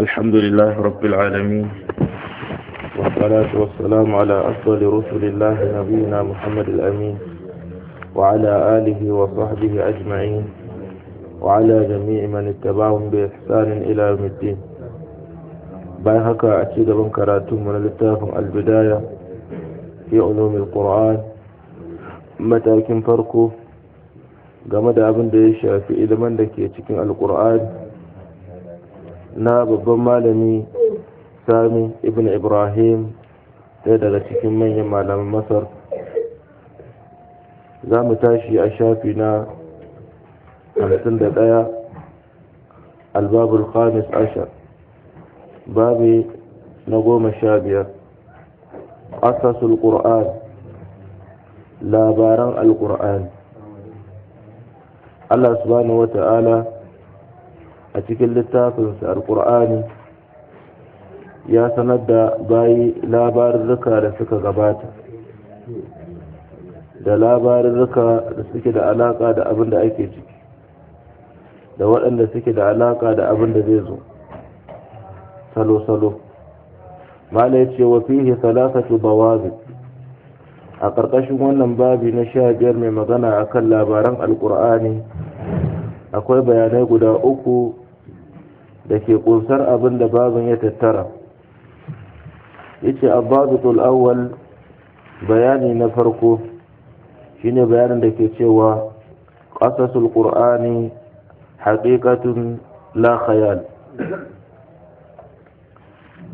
الحمد لله رب العالمين والصلاة والسلام على أفضل رسل الله نبينا محمد الأمين وعلى آله وصحبه أجمعين وعلى جميع من اتبعهم بإحسان إلى يوم الدين bayan haka a ci gaban karatunmu na littafin albidaya fi ulumil qur'an matakin farko game da abin da ya shafi ilimin da ke cikin alqur'ani na babban malami sami ibn ibrahim ɗaya daga cikin manyan malaman masar za mu tashi a shafi na 51 albabul khamis ashar babi na goma sha biyar asasul labaran alqur'an Allah subhanahu wa ta'ala a cikin littafinsa alkur'ani ya sanar da bayi labarurruka da suka gabata da labarin labarurruka da suke da alaka da abin da ake ciki da waɗanda suke da alaka da abin da zai zo salo-salo mala ya ce wa fihe salasatu bawazi a ƙarƙashin wannan babi na sha biyar mai magana akan labaran alkur'ani akwai bayanai guda uku da ke kunsar abin da babin ya tattara yace abbatul awwal bayani na farko shine bayanin da ke cewa qasasul qur'ani haqiqatun la khayal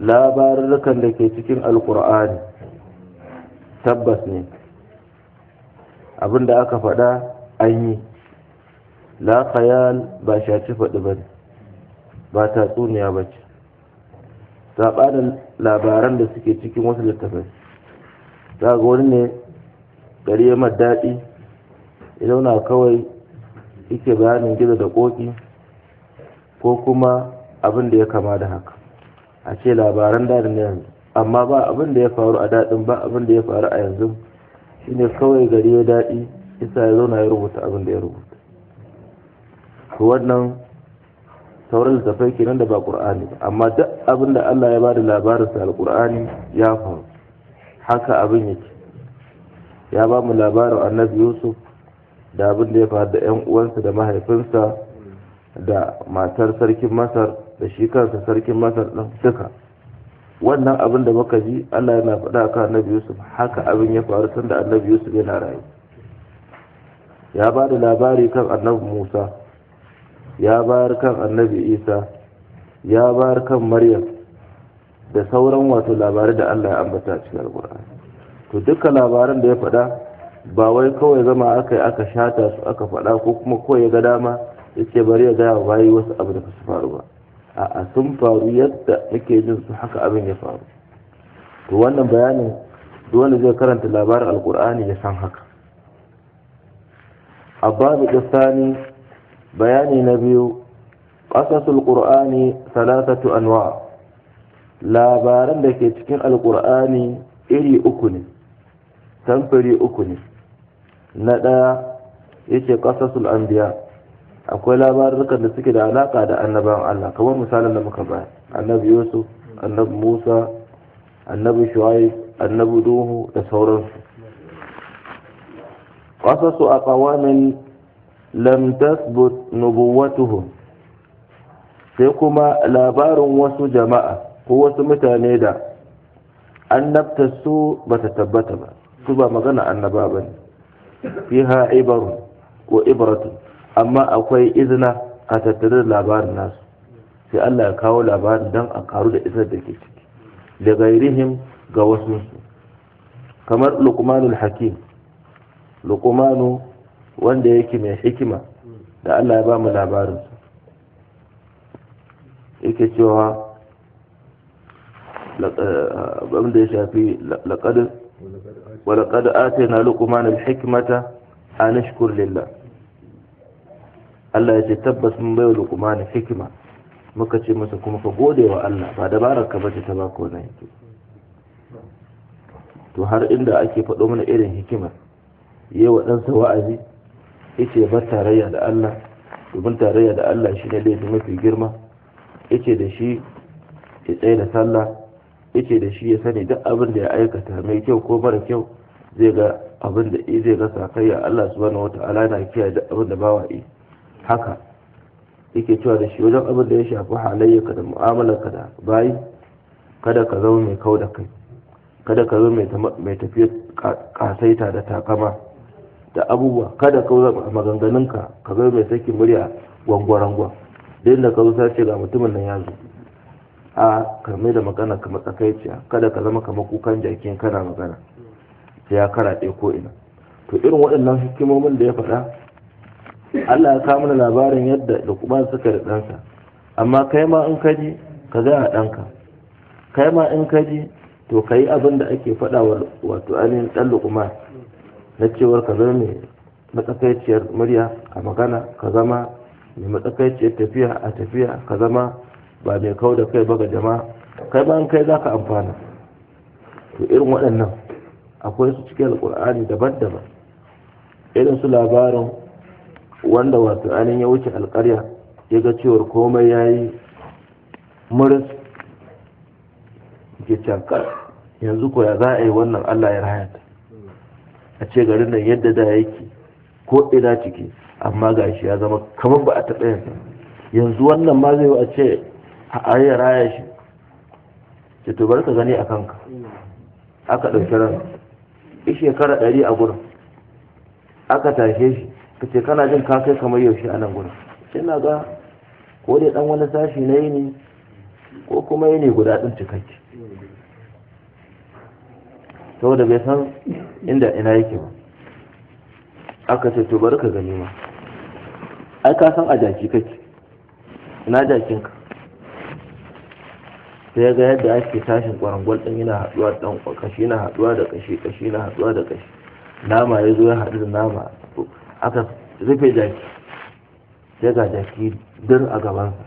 labarukan da ke cikin alqur'ani tabbas ne abin da aka faɗa an yi la khayal ba shaci faɗi ba ne. ba tatsuniya ba ce saɓanin labaran da suke cikin wasu littafai za ga wani ne gari ya maddaɗi ya zauna kawai yake bayanin gizo da ƙoƙi ko kuma abin da ya kama da haka a ce labaran daɗin na yanzu amma ba abin da ya faru a daɗin ba abin da ya faru a yanzu shine kawai gari ya daɗi isa ya zauna ya rubuta abin da ya rubuta wannan sauran littattafai kenan da ba qur'ani ba amma duk abin da Allah ya bada labarin sa alqur'ani ya faru haka abin yake ya ba mu labarin annabi yusuf da abin da ya faru da yan uwansa da mahaifinsa da matar sarkin masar da shi kansa sarkin masar ɗin duka wannan abin da muka ji Allah yana faɗa kan annabi yusuf haka abin ya faru tun da annabi yusuf yana rayu ya ba da labari kan annabi musa ya bayar kan annabi isa ya bayar kan maryam da sauran wato labarai da allah ya ambata a cikin alkur'ani to duka labaran da ya faɗa ba wai kawai zama aka yi aka shata su aka faɗa ko kuma kawai ya ga dama ya ce bari ya gaya bayi wasu abu da su faru ba a'a sun faru yadda muke jin su haka abin ya faru to wannan bayanin duk wanda zai karanta labarin alkur'ani ya san haka abba da sani bayani na biyu ƙasasul ƙur'ani salatatu anwa labaran da ke cikin alƙur'ani iri uku ne tamfari uku ne na ɗaya yake ƙasasul anbiya akwai labarukan da suke da alaƙa da annabawan Allah kamar misalin da muka bayar annabi Yusuf annabi Musa annabi Shu'aib annabi duhu da sauransu a ƙawamin. lam tathbut nubuwatuhum sai kuma labarin wasu jama'a ko wasu mutane da annabta su ba ta tabbata ba su ba magana annaba ba ne fiha Ibaru ko ibaratun amma akwai izina a tattare da labarin nasu sai Allah ya kawo labarin don a karu da isar da ke ciki da gairihim ga wasu kamar luqmanul hakim luqmanu wanda yake mai hikima da Allah ya ba mu labarin yake cewa wanda ya shafi laƙadin walaƙad atayna na al-hikmata an ashkur lilla Allah ya ce tabbas mun bai na hikima muka ce masa kuma ka gode wa Allah ba dabarar ka bace ta ko na hikima to har inda ake faɗo mana irin hikimar yi wa ɗansa wa'azi yace ba bar tarayya da Allah domin tarayya da Allah shi ne laifin mafi girma yace da shi ya tsaye da sallah yace da shi ya sani duk abin da ya aikata mai kyau ko mara kyau zai ga abin da zai ga sakayya Allah subhanahu wataala na kiyaye duk abin da bawa yi haka yake cewa da shi wajen abin da ya shafi halayyarka da mu'amalarka da bayi kada ka zama mai kau kai kada ka zama mai tafiyar kasaita da takama da abubuwa kada ka a maganganunka ka zo mai sakin murya gwangwarangwa da inda ka zo sace ga mutumin nan ya zo a kamar da magana ka matsakaiciya kada ka zama kamar kukan jakin kana magana sai ya karaɗe ko ina to irin waɗannan hikimomin da ya faɗa Allah ya kawo mana labarin yadda da kuma suka da ɗansa amma kai ma in ka ji ka ga a ɗanka kai ma in ka ji to ka abin da ake faɗa wato ainihin ɗan lukuma na cewar ka zama mai matsakaiciyar murya a magana ka zama mai matsakaiciyar tafiya a tafiya ka zama ba mai kau da kai ba ga jama'a kai ba kai za ka amfana to irin waɗannan akwai su cikin alƙur'ani daban-daban irin su labarin wanda wato ainihin ya wuce alƙarya ya ga cewar komai ya yi muris ke cankar yanzu ko ya za a yi wannan allah ya rahayata a ce garin nan yadda da yake ko ina ciki amma ga shi ya zama kamar ba a taɓa yanzu yanzu wannan ma zai a ce a ya raya shi ce to bar ka gani a kanka aka ɗauki ran i shekara ɗari a gurin aka tashe shi ka ce kana jin ka kamar yaushe a nan gurin sai na ga ko dai ɗan wani sashi na yi ne ko kuma yi ne guda ɗin cikakke saboda bai san inda ina yake ba aka ce to bari ka gani ma ai ka san a jaki kake ina jakinka sai ga yadda ake tashin kwarangwal din yana haduwa dan kashi yana haduwa da kashi kashi yana haduwa da kashi nama ya zo ya haɗu da nama aka rufe jaki sai ga jaki dir a gabansa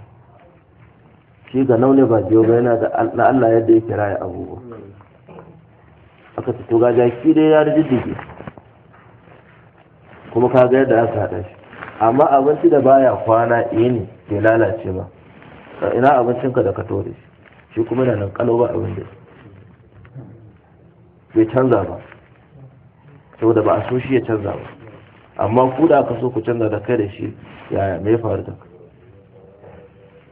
shi ga naune ba jiyo ba yana da na Allah yadda ya kira ya abubuwa aka fito ga jaki dai ya rijiddige kuma ka ga yadda aka haɗa shi amma abinci da baya kwana yini eh bai lalace ba ina abincinka da ka tore shi shi kuma na nan kalo ba abin da bai canza ba saboda ba a so shi ya canza ba amma ku da aka so ku canza da kai da shi yaya mai faru da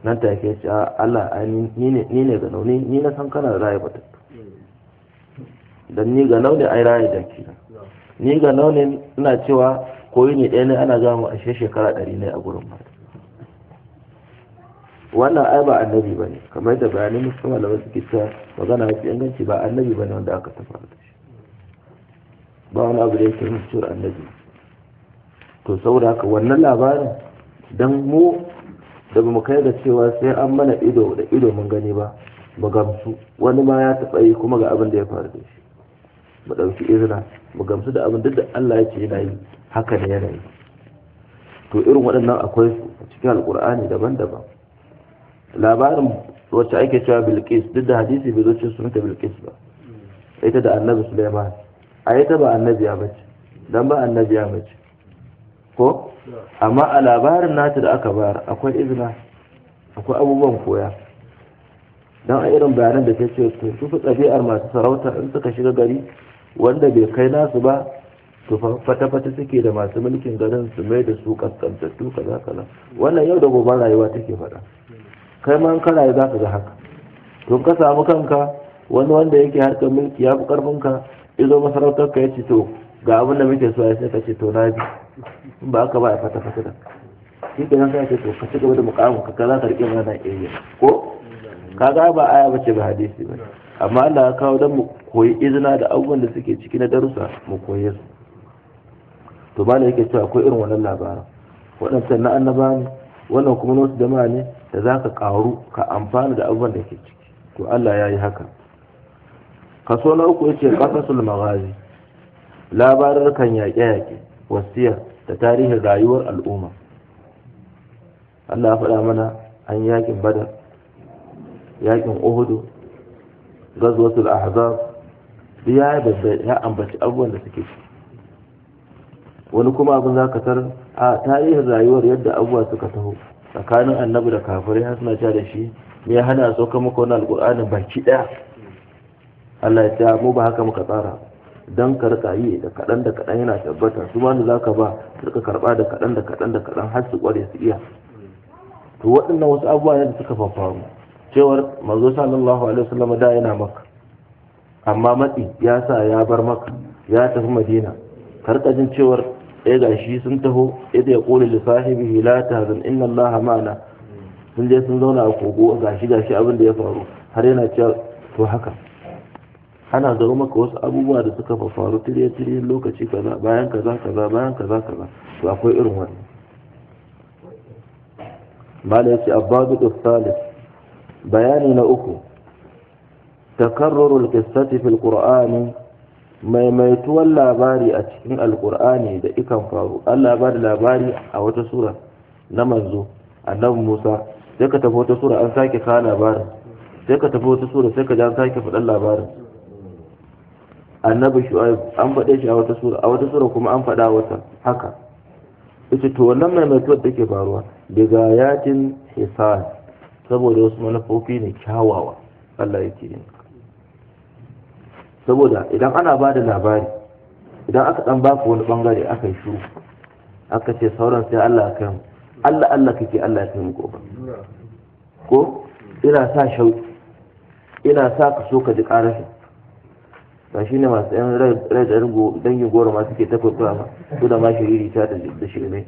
nan take ce Allah ni ne ga nauni ni na san kana da rayu batattu don ni ga nauni ai raya da ke ni ga nauni ina cewa koyi ne ɗaya ne ana gama a shekara ɗari ne a gurin mata wannan ai ba annabi ba ne kamar da bayanin musamma da wasu cewa magana mafi inganci ba annabi ba ne wanda aka tafa da shi ba wani abu da yake mutuwar annabi to saboda haka wannan labarin don mu da mu kai da cewa sai an mana ido da ido mun gani ba ba gamsu wani ma ya taɓa yi kuma ga abin da ya faru da shi mu ɗauki izina mu gamsu da abin duk da Allah ya ce yana yi haka ne yana yi to irin waɗannan akwai cikin alƙur'ani daban-daban labarin wacce ake cewa bilkis duk da hadisi bai zo ce sunanta bilkis ba ita da annabi suleiman a ita ba annabi ya bace dan ba annabiya ya bace ko amma a labarin nata da aka bayar akwai izina akwai abubuwan koya don a irin bayanan da ta ce to su fi tsabi'ar masu sarauta in suka shiga gari wanda bai kai nasu ba su fata-fata suke da masu mulkin garin su mai da su kaskantattu kaza kaza wannan yau da gobe rayuwa take faɗa kai ma an karaye za ka ga haka to ka samu kanka wani wanda yake harkar mulki ya fi karfin ka izo masarautar ka ya ce to ga abin da muke so ya sai ka ce to na bi in ba haka ba ya fata-fata da shi ke nan sai ce to ka ci gaba da mukamu ka za ka rike mana area ko kaga ba aya bace ba hadisi ba amma Allah ya kawo don mu koyi izina da abubuwan da suke ciki na darussa mu koyi su to ba yake cewa akwai irin wannan labarin waɗancan na annaba ne wannan kuma na wasu jama'a ne da za ka ƙaru ka amfana da abubuwan da ke ciki to Allah ya yi haka kaso na uku yake qasasul magazi labarar kan yaƙe-yaƙe wasiya da tarihin rayuwar al'umma Allah ya faɗa mana an yakin badar yakin uhudu gazwatul ahzab ya ya ambaci abubuwan da suke wani kuma abin za ka tar a tarihin rayuwar yadda abubuwa suka taho tsakanin annabi da kafirai har suna da shi me ya hana so kama kona alƙur'anin baki ɗaya Allah ya ta mu ba haka muka tsara dan ka rika yi da kaɗan da kaɗan yana tabbata su ma za ka ba rika karɓa da kaɗan da kaɗan da kaɗan har su ƙware su iya to waɗannan wasu abubuwa ne da suka faru cewar manzo sallallahu alaihi wasallam da yana maka amma matsi ya sa ya bar maka ya tafi madina karka jin cewar ya eh, gashi sun taho idan eh, ya kula li sahibi la tahzan inna allah ma'ana sun je sun zauna a kogo gashi gashi abin da ya faru har yana cewa to haka ana zaro maka wasu abubuwa da suka faru tire tire lokaci kaza bayan kaza kaza bayan kaza kaza to akwai irin wannan mala yace abbadu salih bayani na uku takarrurul qissati fil qur'ani maimaituwan labari a cikin alqur'ani da ikan faru Allah ba da labari a wata sura na manzo annabi Musa sai ka tafi wata sura an sake kawo labarin sai ka tafi wata sura sai ka ji an sake faɗan labarin annabi shu'aib an faɗe shi a wata sura a wata sura kuma an faɗa wata haka ita to wannan maimaituwar ke faruwa daga yatin hisan saboda wasu manufofi ne kyawawa Allah yake yin saboda idan ana ba da labari idan aka dan baka wani bangare aka yi shuru aka ce sauran sai Allah ya kai mu Allah Allah kake Allah ya kai mu gobe ko ina sa shauki ina sa ka so ka ji karashi ba shi ne masu yan rai da dangin goro ma suke tafi kurama su da ma shiriri ta da shirme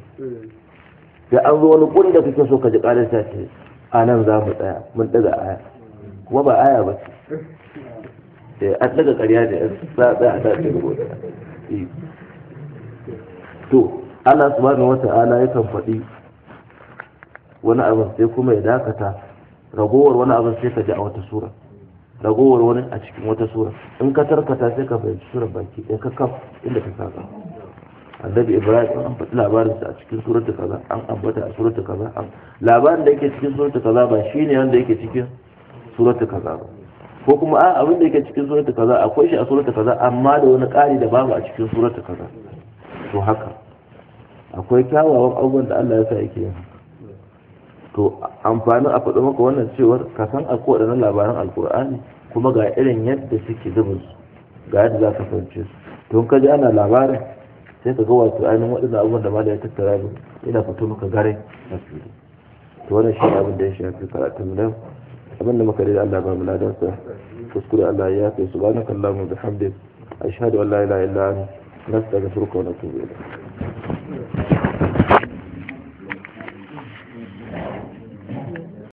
da an zo wani kuri da kake so ka ji karashi ta ce a nan za mu tsaya mun daga aya kuma ba aya ba ce eh, an daga karya da yan za a a tashi rubuta e. to Allah wata wa ya kan faɗi wani abin sai kuma ya dakata ragowar wani abin sai ka ji a wata sura ragowar wani a cikin wata sura in ka tarkata sai ka fahimci sura baki ɗaya ka kaf inda ka saka annabi ibrahim an faɗi sa a cikin surata kaza an ambata a surata kaza an labarin da yake cikin surata kaza ba shine wanda yake cikin surata kaza ba ko kuma a abin da yake cikin surata kaza akwai shi a surata kaza amma da wani ƙari da babu a cikin surata kaza to haka akwai kyawawan abubuwan da Allah ya sa yake yin to amfanin a faɗi maka wannan cewar ka san a kowaɗannan labaran alkur'ani kuma ga irin yadda suke zuba su ga yadda za ka fahimce su don ka ji ana labarin sai ka ga wato ainihin waɗanda abubuwan da ma da ya tattara ina fito maka gare na fili to wannan shi abin da ya shafi karatun nan abin da muka da Allah ba mu ladansa kuskure Allah ya kai subhanakallahumma bihamdik ashhadu an la ilaha illa anta nastaghfiruka wa natubu ilayk